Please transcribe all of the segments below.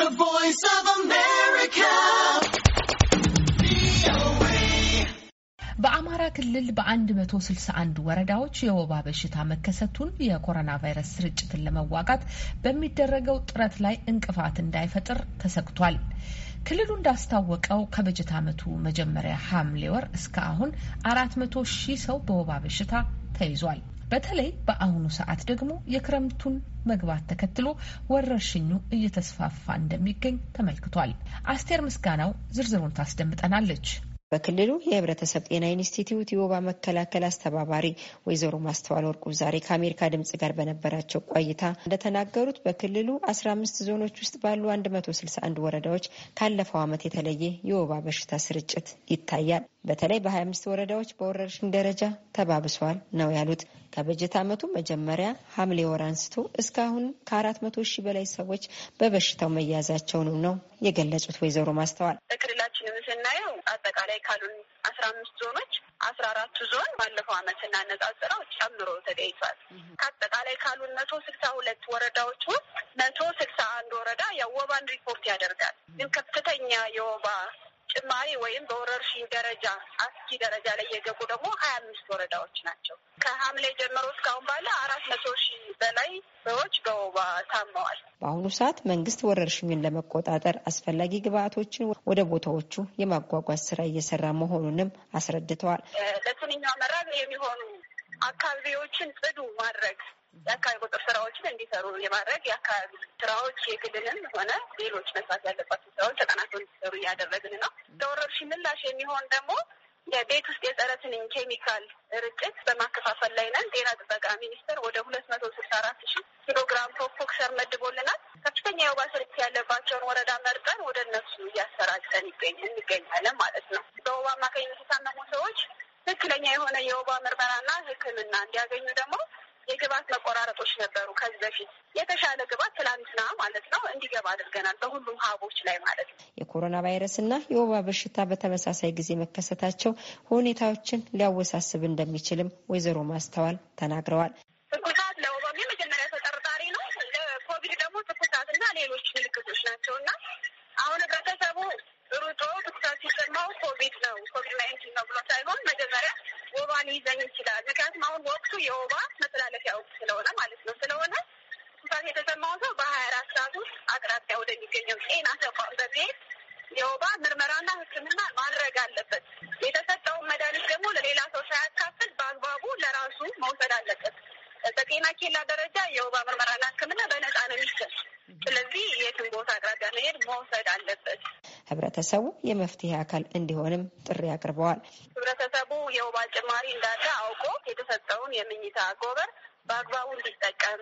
The Voice of America. በአማራ ክልል በ161 ወረዳዎች የወባ በሽታ መከሰቱን የኮሮና ቫይረስ ስርጭትን ለመዋጋት በሚደረገው ጥረት ላይ እንቅፋት እንዳይፈጥር ተሰግቷል። ክልሉ እንዳስታወቀው ከበጀት ዓመቱ መጀመሪያ ሐምሌ ወር እስከ አሁን 400 ሺህ ሰው በወባ በሽታ ተይዟል። በተለይ በአሁኑ ሰዓት ደግሞ የክረምቱን መግባት ተከትሎ ወረርሽኙ እየተስፋፋ እንደሚገኝ ተመልክቷል። አስቴር ምስጋናው ዝርዝሩን ታስደምጠናለች። በክልሉ የህብረተሰብ ጤና ኢንስቲትዩት የወባ መከላከል አስተባባሪ ወይዘሮ ማስተዋል ወርቁ ዛሬ ከአሜሪካ ድምጽ ጋር በነበራቸው ቆይታ እንደተናገሩት በክልሉ 15 ዞኖች ውስጥ ባሉ 161 ወረዳዎች ካለፈው ዓመት የተለየ የወባ በሽታ ስርጭት ይታያል። በተለይ በ25 ወረዳዎች በወረርሽኝ ደረጃ ተባብሷል ነው ያሉት። ከበጀት ዓመቱ መጀመሪያ ሐምሌ ወር አንስቶ እስካሁን ከ400 ሺህ በላይ ሰዎች በበሽታው መያዛቸውንም ነው የገለጹት ወይዘሮ ማስተዋል አጠቃላይ ካሉን አስራ አምስት ዞኖች አስራ አራቱ ዞን ባለፈው አመት ስናነጻጽረው ጨምሮ ተገኝቷል። ከአጠቃላይ ካሉን መቶ ስልሳ ሁለት ወረዳዎች ውስጥ መቶ ስልሳ አንድ ወረዳ የወባን ሪፖርት ያደርጋል። ግን ከፍተኛ የወባ ጭማሪ ወይም በወረርሽኝ ደረጃ አስጊ ደረጃ ላይ የገቡ ደግሞ ሀያ አምስት ወረዳዎች ናቸው። ከሐምሌ ጀምሮ እስካሁን ባለ አራት መቶ ሺህ በላይ ሰዎች በወባ ታመዋል። በአሁኑ ሰዓት መንግስት ወረርሽኙን ለመቆጣጠር አስፈላጊ ግብአቶችን ወደ ቦታዎቹ የማጓጓዝ ስራ እየሰራ መሆኑንም አስረድተዋል። ለትንኛ መራብ የሚሆኑ አካባቢዎችን ጽዱ ማድረግ የአካባቢ ቁጥር ስራዎችን እንዲሰሩ የማድረግ የአካባቢ ስራዎች የክልልም ሆነ ሌሎች መስራት ያለባቸው ስራዎች ተጠናክሮ እንዲሰሩ እያደረግን ነው። ለወረርሽኝ ምላሽ የሚሆን ደግሞ የቤት ውስጥ የጸረ ትንኝ ኬሚካል ርጭት በማከፋፈል ላይ ነን። ጤና ጥበቃ ሚኒስቴር ወደ ሁለት መቶ ስልሳ አራት ሺ ኪሎግራም ፕሮፎክሰር መድቦልናል። ከፍተኛ የወባ ስርጭት ያለባቸውን ወረዳ መርጠን ወደ እነሱ እያሰራጨን እንገኛለን ማለት ነው። በወባ አማካኝነት የታመሙ ሰዎች ትክክለኛ የሆነ የወባ ምርመራና ሕክምና እንዲያገኙ ደግሞ የግባት መቆራረጦች ነበሩ። ከዚህ በፊት የተሻለ ግብአት ትላንትና ማለት ነው እንዲገባ አድርገናል፣ በሁሉም ሀቦች ላይ ማለት ነው። የኮሮና ቫይረስና የወባ በሽታ በተመሳሳይ ጊዜ መከሰታቸው ሁኔታዎችን ሊያወሳስብ እንደሚችልም ወይዘሮ ማስተዋል ተናግረዋል። ትኩሳት ለወባ የመጀመሪያ ተጠርጣሪ ነው። ለኮቪድ ደግሞ ትኩሳትና ሌሎች ምልክቶች ናቸው እና አሁን ህብረተሰቡ ሩጦ ትኩሳት ሲሰማው ኮቪድ ነው ኮቪድ ናይንቲን ነው ብሎ ሳይሆን ወባን ሊይዘን ይችላል። ምክንያቱም አሁን ወቅቱ የወባ መተላለፊያ ወቅት ስለሆነ ማለት ነው ስለሆነ ትኩሳት የተሰማው ሰው በሀያ አራት ሰዓት ውስጥ አቅራቢያ ወደሚገኘው ጤና ተቋም በመሄድ የወባ ምርመራና ሕክምና ማድረግ አለበት። የተሰጠውን መድኃኒት ደግሞ ለሌላ ሰው ሳያካፍል በአግባቡ ለራሱ መውሰድ አለበት። በጤና ኬላ ደረጃ የወባ ምርመራና ሕክምና በነፃ ነው የሚሰጥ። ስለዚህ የትን ቦታ አቅራቢያ መሄድ መውሰድ አለበት። ህብረተሰቡ የመፍትሄ አካል እንዲሆንም ጥሪ አቅርበዋል። የአዋል ጭማሪ እንዳለ አውቆ የተሰጠውን የምኝታ ጎበር በአግባቡ እንዲጠቀም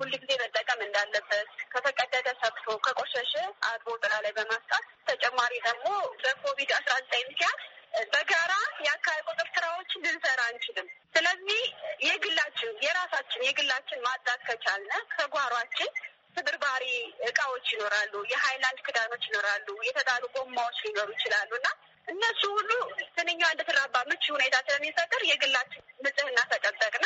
ጊዜ መጠቀም እንዳለበት ከተቀደደ ሰብቶ ከቆሸሸ አጥቦ ጥላ ላይ በማስጣት ተጨማሪ ደግሞ በኮቪድ አስራ ዘጠኝ ምክንያት በጋራ የአካባቢ ቁጥር ስራዎች ልንሰራ አንችልም። ስለዚህ የግላችን የራሳችን የግላችን ማጣት ከቻልነ ከጓሯችን ስብርባሪ እቃዎች ይኖራሉ፣ የሀይላንድ ክዳኖች ይኖራሉ፣ የተጣሉ ጎማዎች ሊኖሩ ይችላሉ እና እነሱ ሁሉ ትንኛ እንድትራባ ምቹ ሁኔታ ስለሚፈጥር የግላት ንጽህና ተጠበቅን።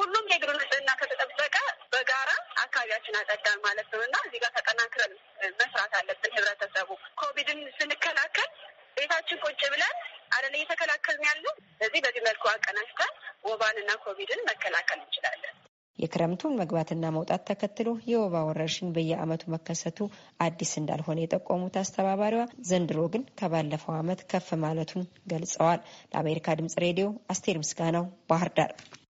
ሁሉም የግሉ ንጽህና ከተጠበቀ በጋራ አካባቢያችን አጸዳን ማለት ነው እና እዚህ ጋር ተጠናክረን መስራት አለብን። ህብረተሰቡ ኮቪድን ስንከላከል ቤታችን ቁጭ ብለን አደለ እየተከላከልን ያሉ። ስለዚህ በዚህ መልኩ አቀናጅተን ወባንና ኮቪድን መከላከል እንችላለን። የክረምቱን መግባትና መውጣት ተከትሎ የወባ ወረርሽኝ በየዓመቱ መከሰቱ አዲስ እንዳልሆነ የጠቆሙት አስተባባሪዋ ዘንድሮ ግን ከባለፈው ዓመት ከፍ ማለቱን ገልጸዋል። ለአሜሪካ ድምጽ ሬዲዮ አስቴር ምስጋናው ባህር ዳር